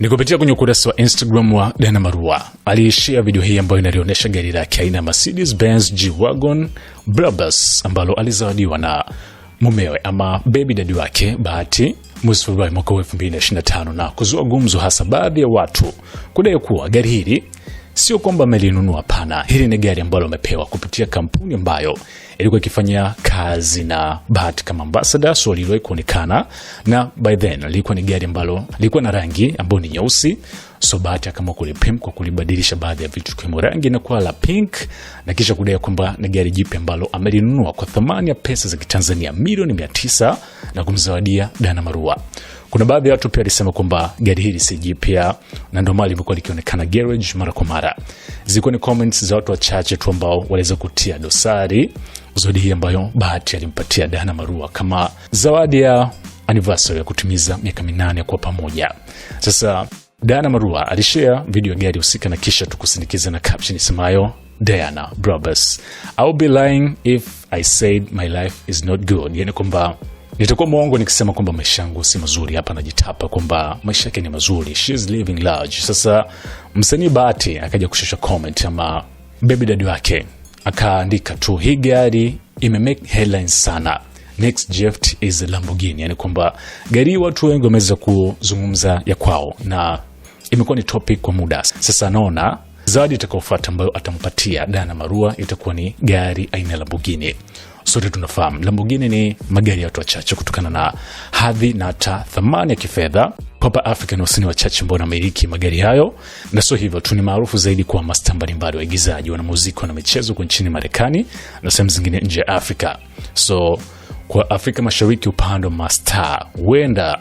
Ni kupitia kwenye ukurasa wa Instagram wa Dana Marua aliyeshea video hii ambayo inalionyesha gari lake aina ya Mercedes Benz G-Wagon Brabus ambalo alizawadiwa na mumewe ama bebi dadi wake Bahati mwezi Februari mwaka 225 na kuzua gumzo, hasa baadhi ya watu kudai kuwa gari hili Sio kwamba amelinunua, hapana. Hili ni gari ambalo amepewa kupitia kampuni ambayo ilikuwa ikifanya kazi na Bahati kama ambasada so liliwahi kuonekana na by then lilikuwa ni gari ambalo lilikuwa na rangi ambayo ni nyeusi. So Bahati akaamua kulipim kwa kulibadilisha baadhi ya vitu kiwemo rangi na kuwa la pink, na kisha kudai kwamba ni gari jipya ambalo amelinunua kwa thamani ya pesa za Kitanzania milioni mia tisa na kumzawadia Dana Marua. Kuna baadhi ya watu pia walisema kwamba gari hili si jipya na ndio maana limekuwa likionekana garage mara kwa mara. Zilikuwa ni comments za watu wachache tu ambao waliweza kutia dosari uzodi hii ambayo bahati alimpatia Dana Marua kama zawadi ya anniversary ya kutimiza miaka minane kwa pamoja. Sasa Dana Marua alishare video ya gari husika na kisha tukusindikiza na caption isemayo Diana Brothers. I'll be lying if I said my life is not good. Yani kwamba Nitakuwa mwongo nikisema kwamba maisha yangu si mazuri. Hapa najitapa kwamba maisha yake ni mazuri, she living large. Sasa msanii Bahati akaja kushusha comment ama bebi dadi wake akaandika tu, hii gari imemake headlines sana, next gift is Lamborghini. Yani kwamba gari watu wengi wameweza kuzungumza ya kwao na imekuwa ni topic kwa muda sasa. Naona zawadi itakayofuata ambayo atampatia Dana Marua itakuwa ni gari aina ya Lamborghini sote tunafahamu Lamborghini ni magari ya watu wachache kutokana na hadhi na hata thamani ya kifedha. Papa Afrika ni wasanii wachache ambao wanamiliki magari hayo, na sio hivyo tu, ni maarufu zaidi kwa masta mbalimbali, waigizaji, wanamuziki, wana michezo kwa nchini Marekani na sehemu zingine nje ya Afrika. So kwa Afrika Mashariki, upande wa masta, huenda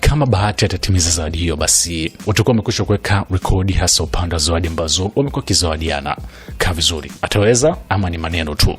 kama bahati atatimiza zawadi hiyo, basi watakuwa wamekwisha kuweka rekodi, hasa upande wa zawadi ambazo wamekuwa wakizawadiana. Kaa vizuri, ataweza ama ni maneno tu?